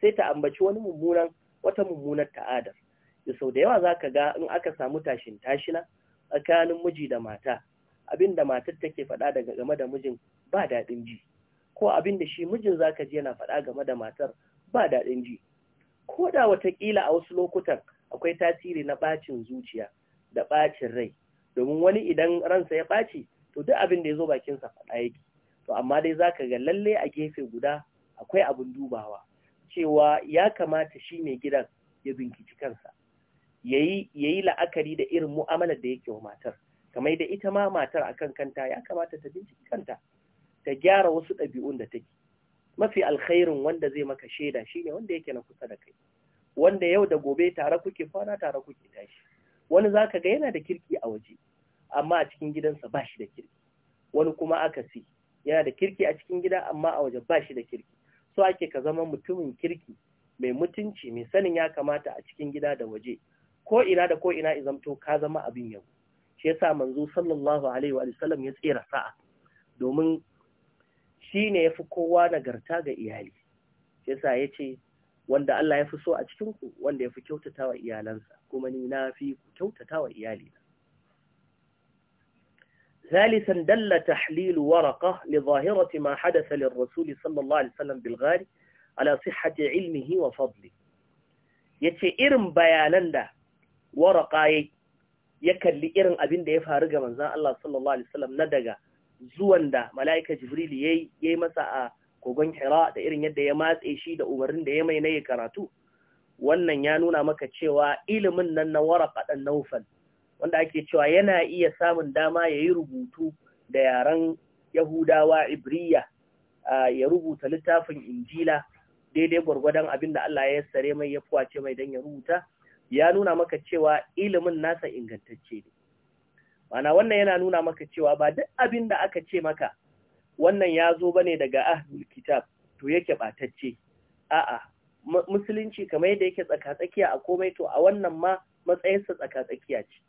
sai ta ambaci wani mummunan wata mummunar ta'adar da sau da yawa za ka ga in aka samu tashin tashina tsakanin miji da mata abin da matar take faɗa daga game da mijin ba daɗin ji ko abin da shi mijin za ka ji yana faɗa game da matar ba daɗin ji ko da watakila a wasu lokutan akwai tasiri na ɓacin zuciya da ɓacin rai domin wani idan ransa ya ɓaci to duk abin da ya zo bakinsa faɗa yake to amma dai za ka ga lallai a gefe guda akwai abin dubawa cewa ya kamata shi mai gidan ya binciki kansa ya yi la'akari da irin mu'amalar da yake wa matar kamar da ita ma matar a kan kanta ya kamata ta binciki kanta ta gyara wasu ɗabi'un da take mafi alkhairin wanda zai maka shaida shine wanda yake na kusa da kai wanda yau da gobe tare kuke kwana tare kuke tashi wani zaka ga yana da kirki a waje amma a cikin gidansa ba shi da kirki wani kuma akasi yana da kirki a cikin gida amma a waje ba shi da kirki so ake ka zama mutumin kirki mai mutunci mai sanin ya kamata a cikin gida da waje ko ina da ko ina izamto ka zama abin yau shi yasa manzo sallallahu alaihi wa sallam ya tsira sa'a domin shi ne yafi kowa nagarta ga iyali shi yasa yace wanda Allah ya fi so a cikin ku wanda ya fi kyautatawa iyalansa kuma ni na fi kyautatawa iyalina ثالثا دل تحليل ورقة لظاهرة ما حدث للرسول صلى الله عليه وسلم بالغار على صحة علمه وفضله yace irin bayanan da waraka yayi ya kalli irin abin da ya faru ga manzan Allah sallallahu alaihi wasallam na daga zuwan da malaika Jibril yayi yayi masa a kogon Hira da irin yadda ya matse shi da umarnin da ya mai yi karatu wannan ya nuna maka cewa ilimin nan na waraka dan Naufal wanda ake cewa yana iya samun dama ya yi rubutu da yaren Yahudawa Ibriya ya rubuta littafin Injila daidai gwargwadon abin da Allah ya sare mai ya kwace mai don ya rubuta ya nuna maka cewa ilimin nasa ingantacce ne mana wannan yana nuna maka cewa ba duk abin da aka ce maka wannan ya zo bane daga ahlul kitab to yake batacce a'a musulunci kamar yadda yake tsaka tsakiya a komai to a wannan ma matsayinsa tsaka tsakiya ce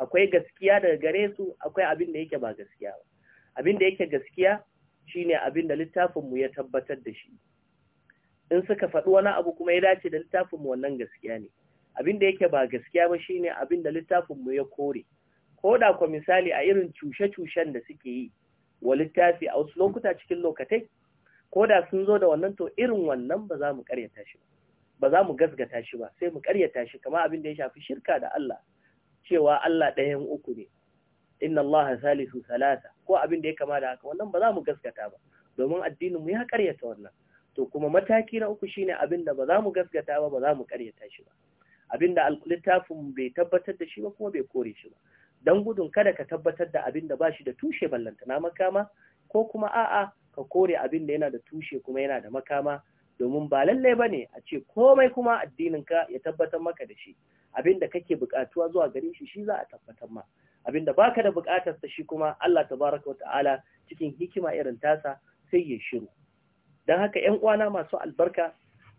akwai gaskiya daga gare su akwai abin da yake ba gaskiya ba abin da yake gaskiya shine abin da littafinmu ya tabbatar da shi in suka faɗi wani abu kuma ya dace da littafinmu wannan gaskiya ne abin da yake ba gaskiya ba shine abin da littafinmu ya kore ko da kwa misali a irin cushe-cushen da suke yi wa littafi a wasu lokuta cikin lokatai ko da sun zo da wannan to irin wannan ba za mu karyata shi ba za mu gasgata shi ba sai mu karyata shi kamar abin da ya shafi shirka da Allah cewa Allah ɗayan uku ne inna Allah salisu salasa ko abin da ya kama da haka wannan ba za mu gaskata ba domin addinin mu ya karyata wannan to kuma mataki na uku shine abin da ba za mu gaskata ba ba za mu karyata shi ba abin da alkulittafin bai tabbatar da shi ba kuma bai kore shi ba Don gudun kada ka tabbatar da abin da ba shi da tushe ballanta na makama ko kuma a'a ka kore abin da yana da tushe kuma yana da makama domin ba lallai ba ne a ce komai kuma addininka ya tabbatar maka da shi abinda kake bukatuwa zuwa gare shi shi za a tabbatar ma Abin da baka da bukatar sa shi kuma Allah tabaraka ta'ala cikin hikima irin tasa sai ya shiru dan haka ƴan uwana masu albarka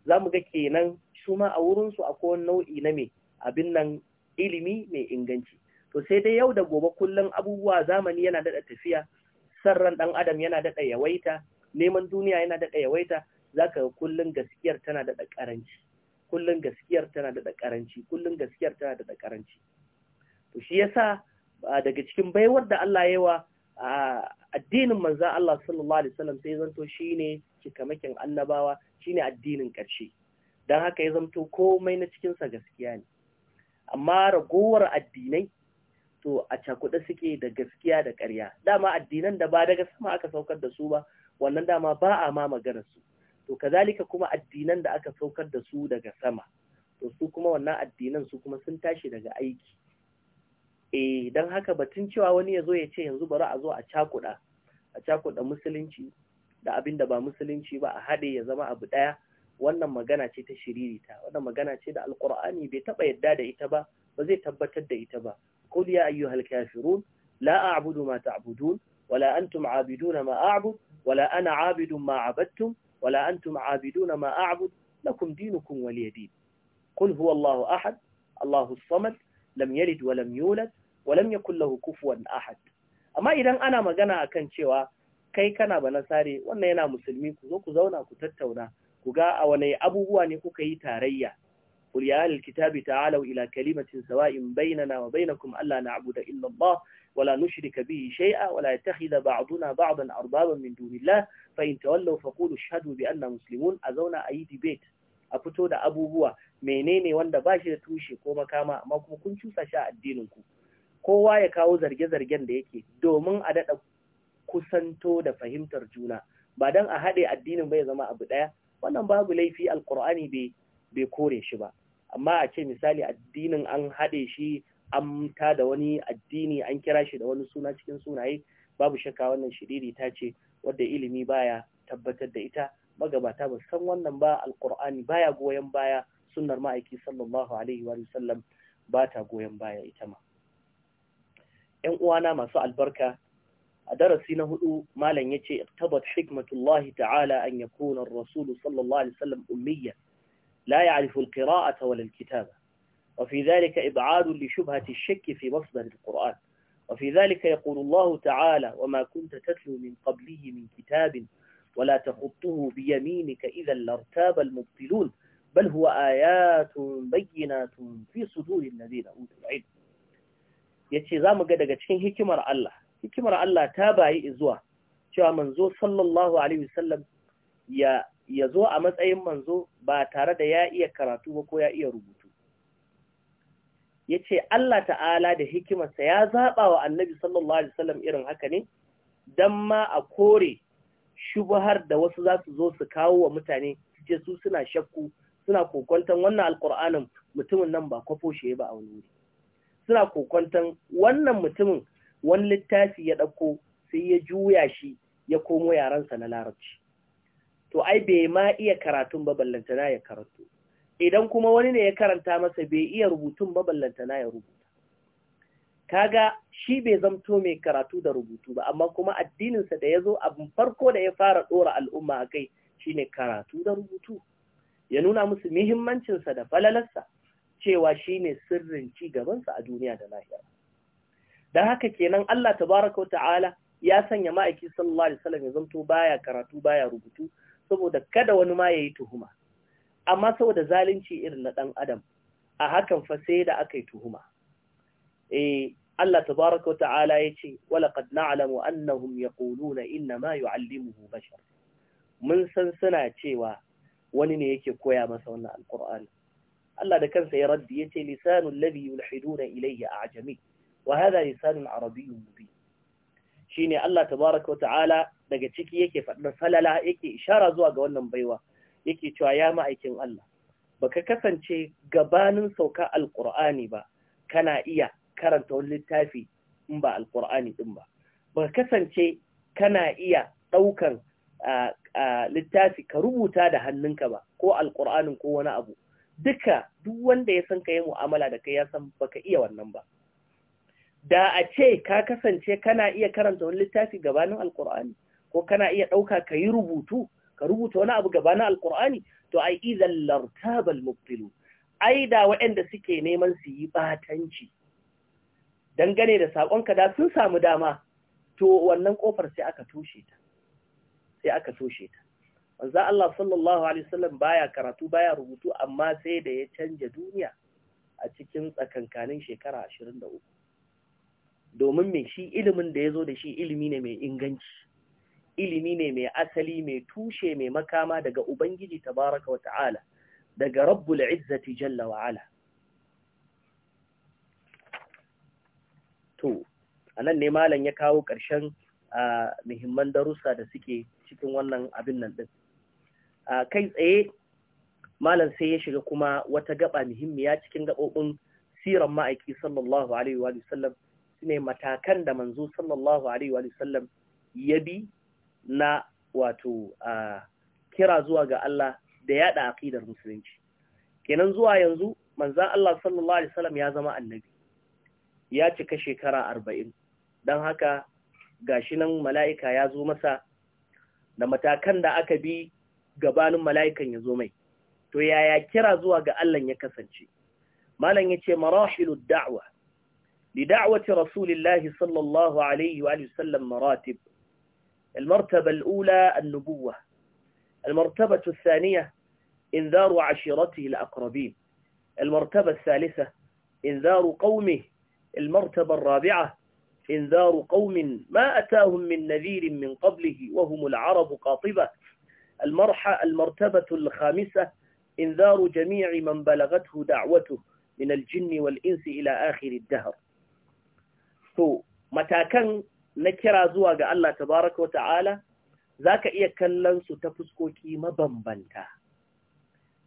zamu ga kenan su ma a wurin su akwai nau'i na me abin nan ilimi mai inganci to sai dai yau da gobe kullun abubuwa zamani yana daɗa tafiya sarran dan adam yana daɗa yawaita neman duniya yana daɗa yawaita zaka ga kullun gaskiyar tana da ƙaranci kullum gaskiyar tana da ƙaranci kullum gaskiyar tana da ƙaranci to shi yasa daga cikin baiwar da Allah ya wa addinin manzo Allah sallallahu alaihi wasallam sai zanto shine cikamakin annabawa shine addinin ƙarshe dan haka ya zanto komai na cikin sa gaskiya ne amma ragowar addinai to a cakuɗe suke da gaskiya da ƙarya dama addinan da ba daga sama aka saukar da su ba wannan dama ba a ma maganar su to kazalika kuma addinan da aka saukar da su daga sama to su kuma wannan addinan su kuma sun tashi daga aiki eh dan haka batun cewa wani ya zo ya ce yanzu bari a zo a cakuɗa a cakuɗa musulunci da abin da ba musulunci ba a haɗe ya zama abu ɗaya wannan magana ce ta shiririta wannan magana ce da alqur'ani bai taba yadda da ita ba ba zai tabbatar da ita ba qul ya ayyuhal kafirun la a'budu ma ta'budun wala antum 'abiduna ma a'bud wala ana 'abidun ma 'abadtum ولا أنتم عابدون ما أعبد لكم دينكم ولي دين قل هو الله أحد الله الصمد لم يلد ولم يولد ولم يكن له كفوا أحد amma idan ana magana akan cewa kai kana ba nasare wannan yana musulmi ku zo ku zauna ku tattauna ku ga a wane abubuwa ne kuka yi tarayya قل يا أهل الكتاب تعالوا إلى كلمة سواء بيننا وبينكم ألا نعبد إلا الله ولا نشرك به شيئا ولا يتخذ بعضنا بعضا أربابا من دون الله فإن تولوا فقولوا اشهدوا a مسلمون أزونا yi بيت أفتو دا أبو بوا menene wanda ba shi da tushe ko makama amma kuma kun cusa shi a addininku kowa ya kawo zarge-zargen da yake domin a daɗa kusanto da fahimtar juna ba don a haɗe addinin bai zama abu ɗaya wannan babu laifi alkur'ani bai kore shi ba amma a ce misali addinin an haɗe shi an ta da wani addini an kira shi da wani suna cikin sunaye babu shakka wannan shiriri ta ce wadda ilimi baya tabbatar da ita magabata ba san wannan ba alkur'ani baya goyon baya sunnar ma'aiki sallallahu alaihi wa sallam ba ta goyon baya ita ma ‘yan uwana masu albarka a darasi na hudu malam ya ce tabbat hikmatullahi ta'ala an yakuna rasulu sallallahu alaihi wa sallam ummiyan لا يعرف القراءة ولا الكتابة وفي ذلك إبعاد لشبهة الشك في مصدر القرآن وفي ذلك يقول الله تعالى وما كنت تتلو من قبله من كتاب ولا تخطه بيمينك إذا لارتاب المبطلون بل هو آيات بينات في صدور الذين أوتوا العلم yace zamu ga daga cikin hikimar Allah hikimar Allah ta bayi izuwa cewa manzo sallallahu alaihi wasallam ya ya zo a matsayin manzo ba tare da ya iya karatu ba ko ya iya rubutu ya ce Allah ta'ala da hikimarsa ya zaɓa wa annabi sallallahu alaihi wasallam irin haka ne don ma a kore shubuhar da wasu za su zo su kawo wa mutane su ce su suna shakku suna kokwantan wannan alkur'anin mutumin nan ba kwafo shi ba a wani suna kokwantan wannan mutumin wani littafi ya ɗauko sai ya juya shi ya komo yaransa na larabci to ai bai ma iya karatun ba na ya karatu idan kuma wani ne ya karanta masa bai iya rubutun ba na ya rubuta kaga shi bai zamto mai karatu da rubutu ba amma kuma addininsa da ya zo abin farko da ya fara ɗora al'umma a kai shine karatu da rubutu ya nuna musu muhimmancinsa da falalarsa cewa shine sirrin ci gabansa a duniya da lahira don haka kenan Allah tabaraka ta'ala ya sanya ma'aiki sallallahu alaihi wasallam ya zanto baya karatu baya rubutu saboda kada wani ma yayi tuhuma amma saboda zalunci irin na ɗan adam a hakan fa sai da aka yi tuhuma eh Allah tabaaraka wa ta'ala yace wala qad na'lamu annahum yaquluna inna ma yu'allimuhu bashar mun san suna cewa wani ne yake koya masa wannan alqur'ani Allah da kansa ya raddi yace lisanul ladhi yulhiduna ilayya a'jami wa hadha lisanun arabiyyun Shi shine Allah tabaaraka wa ta'ala daga ciki yake faɗar salala yake ishara zuwa ga wannan baiwa yake cewa ya ma'aikin Allah baka kasance gabanin sauka alqur'ani ba kana iya karanta wani littafi in ba alqur'ani din ba baka kasance kana iya ɗaukan littafi ka rubuta da hannunka ba ko alqur'anin ko wani abu duka duk wanda ya san ka yi mu'amala da kai ya san baka iya wannan ba da a ce ka kasance kana iya karanta wani littafi gabanin alkur'ani ko kana iya ɗauka ka yi rubutu ka rubuta wani abu gaba na alkur'ani to ai idan lartabal mubtilu ai da waɗanda suke neman su yi batanci dangane da saƙonka da sun samu dama to wannan ƙofar sai aka toshe ta sai aka toshe ta wanzan Allah sallallahu alaihi wasallam baya karatu baya rubutu amma sai da ya canja duniya a cikin tsakankanin shekara 23 domin me shi ilimin da ya zo da shi ilimi ne mai inganci ilimi ne mai asali mai tushe mai makama daga ubangiji baraka wa ta'ala daga rabbul izzati jalla wa ala to anan ne malam ya kawo ƙarshen muhimman darussa da suke cikin wannan abin nan din kai tsaye malam sai ya shiga kuma wata gaba muhimmiya cikin gaɓoɓin siran ma'aiki sallallahu alaihi wa sallam ne matakan da manzo sallallahu alaihi wa ya bi na wato kira zuwa ga Allah da yada aqidar musulunci kenan zuwa yanzu manzon Allah sallallahu alaihi wasallam ya zama annabi ya cika shekara arba'in dan haka gashi nan mala'ika ya zo masa da matakan da aka bi gabanin mala'ikan ya zo mai to yaya kira zuwa ga Allah ya kasance malam yace marahilud da'wa li da'wati rasulillahi sallallahu alaihi wa sallam maratib المرتبة الأولى النبوة المرتبة الثانية إنذار عشيرته الأقربين المرتبة الثالثة إنذار قومه المرتبة الرابعة إنذار قوم ما أتاهم من نذير من قبله وهم العرب قاطبة المرحة المرتبة الخامسة إنذار جميع من بلغته دعوته من الجن والإنس إلى آخر الدهر متى كان na kira zuwa ga Allah tabaraka wata'ala ka iya kallon su ta fuskoki mabambanta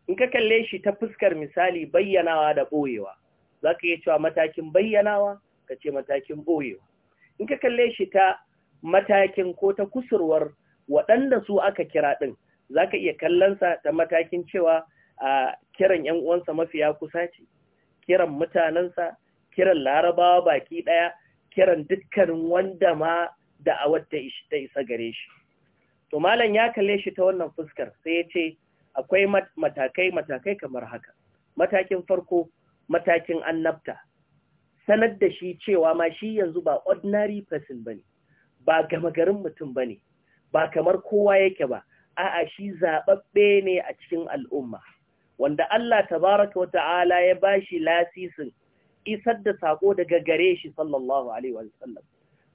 in ka kalle shi ta fuskar misali bayyanawa da za ka iya cewa matakin bayyanawa ka ce matakin boyewa in ka kalle shi ta matakin ko ta kusurwar waɗanda su aka kira ɗin za ka iya kallonsa ta matakin cewa a kiran ‘yan uwansa mafiya kusa ce, kiran mutanensa, kiran larabawa baki ɗaya kiran dukkanin wanda ma da da'awar ta isa gare shi. To malam ya kalle shi ta wannan fuskar sai ya ce akwai matakai matakai kamar haka. Matakin farko matakin annabta sanar da shi cewa ma shi yanzu ba ordinary person ba ne, ba gama garin mutum ba ne, ba kamar kowa yake ba a'a shi zaɓaɓɓe ne a cikin al'umma wanda Allah tabaraka Wata'ala ta'ala ya shi lasisin isar da sako daga gare shi sallallahu alaihi wasallam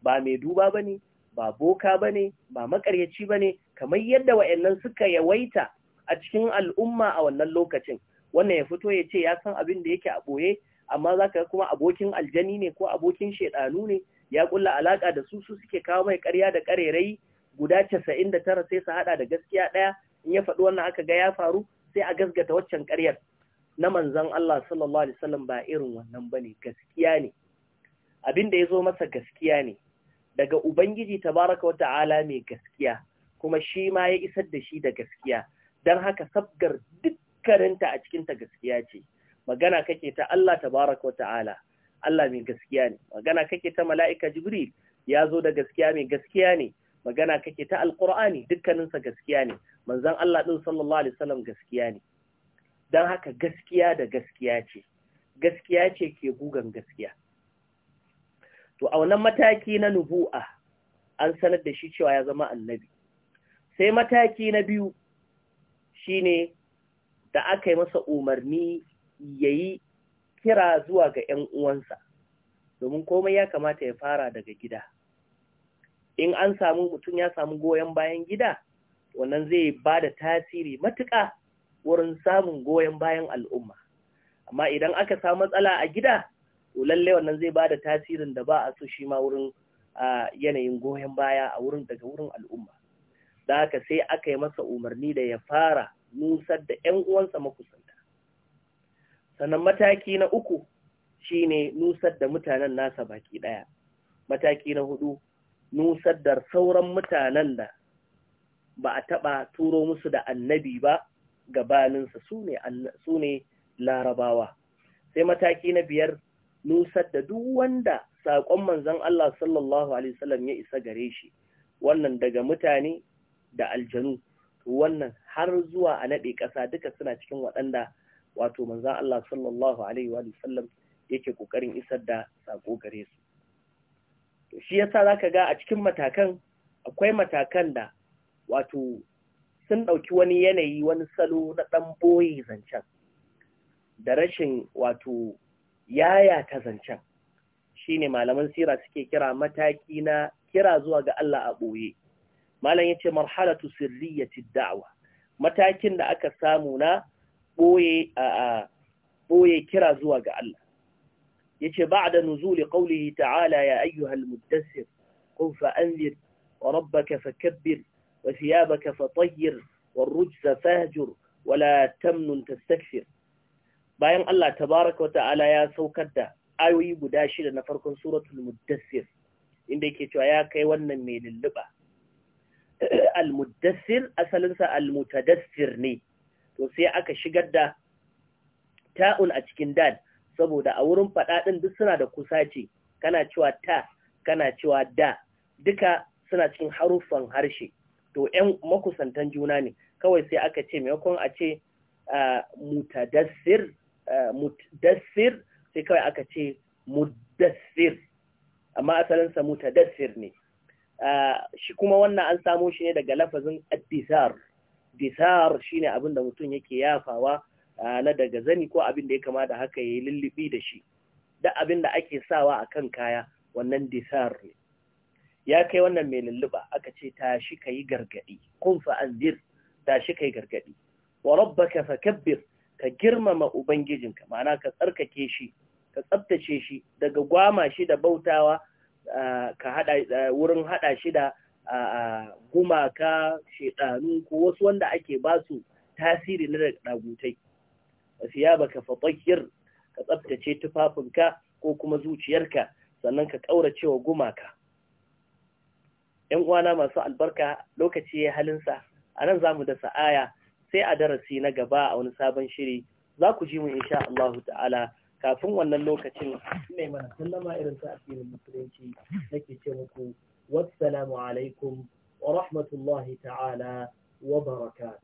ba mai duba bane ba boka bane ba makaryaci bane kamar yadda wayannan suka yawaita a cikin al'umma a wannan lokacin wannan ya fito ya ce ya san abin da yake a boye amma zaka kuma abokin aljani ne ko abokin shedanu ne ya kulla alaka da su su suke kawo mai ƙarya da ƙarerai guda 99 sai su hada da gaskiya daya in ya faɗi wannan aka ga ya faru sai a gasgata waccan ƙaryar na manzan Allah sallallahu Alaihi wasallam ba irin wannan ba ne, gaskiya ne, abin da ya zo masa gaskiya ne, daga Ubangiji tabaraka wa ta'ala mai gaskiya, kuma shi ma ya isar da shi da gaskiya, don haka sabgar dukkaninta a cikinta gaskiya ce, magana kake ta Allah tabaraka wa ta'ala, Allah mai gaskiya ne, magana kake ta mala'ika Jibril ya zo da gaskiya mai gaskiya ne, magana kake ta Alƙur'ani dukkaninsa gaskiya ne, manzan Allah ɗin sallallahu Alaihi wasallam gaskiya ne. don haka gaskiya da gaskiya ce gaskiya ce ke gugan gaskiya to a wannan mataki na nubu'a an sanar da shi cewa ya zama annabi sai mataki na biyu shine da aka yi masa umarni ya yi kira zuwa ga 'yan uwansa domin komai ya kamata ya fara daga gida in an samu mutum ya samu goyon bayan gida wannan zai ba da tasiri matuƙa wurin samun goyon bayan al'umma amma idan aka samu matsala a gida to lallai wannan zai bada tasirin da ba a so shi ma wurin yanayin goyon baya a wurin daga wurin al'umma da haka sai aka yi masa umarni da ya fara nusar da 'yan uwansa makusanta sannan mataki na uku shine nusar da mutanen nasa baki ɗaya. mataki na hudu nusar da sauran mutanen da ba a taɓa turo musu da annabi ba gabaninsa su ne larabawa sai mataki na biyar nusar da duk wanda saƙon manzan Allah sallallahu Alaihi wasallam ya isa gare shi wannan daga mutane da aljanu wannan har zuwa a naɗe ƙasa duka suna cikin waɗanda wato manzan Allah sallallahu Alaihi wasallam yake ƙoƙarin isar da saƙo gare su shi yasa za ka ga a cikin matakan akwai matakan da wato sun ɗauki wani yanayi wani salo na ɗan boye zancen da rashin wato yaya ta zancen shine malaman sira suke kira mataki na kira zuwa ga Allah a ɓoye malam yace marhalatu sirriyati da'wa matakin da aka samu na ɓoye kira zuwa ga Allah yace da nuzuli ƙauli ta'ala ya ayyuhal muddassir kun fa'anzir wa rabbaka fakabbir وثيابك فطهر والرجز فاهجر ولا تمنن تستكثر bayan Allah tabaraka wata'ala ya saukar da ayoyi guda shida na farkon suratul muddassir inda yake cewa ya kai wannan mai lulluba al asalinsa al-mutadassir ne to sai aka shigar da ta'un a cikin dad saboda a wurin faɗaɗin duk suna da kusaci kana cewa ta kana cewa da duka suna cikin haruffan harshe to ‘yan makusantan juna ne kawai sai aka ce maimakon a ce mutadassir mutadassir sai kawai aka ce mudassir amma asalinsa mutadassir ne shi kuma wannan an samo shi ne daga lafazin addisar disar shine abin da mutum yake yafawa na daga zani ko abinda ya kama da haka ya yi lullubi da shi da abin da ake sawa a kan kaya wannan disar ne ya kai wannan mai lulluba aka ce ta tashi yi gargaɗi kun fa anzir ka yi gargaɗi. wa Rabba rabbaka fakabbir ka girmama ubangijinka ma'ana ka tsarkake shi ka tsabtace shi daga gwama shi da bautawa ka hada wurin hada shi da gumaka shaiɗanu ko wasu wanda ake ba su tasiri na da dagutai baka fatakir ka tsabtace tufafinka ko kuma zuciyarka sannan ka cewa gumaka ‘yan uwana masu albarka lokaci ya halinsa, a nan za mu da sa'aya sai a darasi na gaba a wani sabon shiri za ku ji mu insha Allahu ta'ala kafin wannan lokacin ne mana sallama irin ta asirin musulunci nake ce muku wassalamu alaikum wa rahmatullahi ta'ala wa barakatuh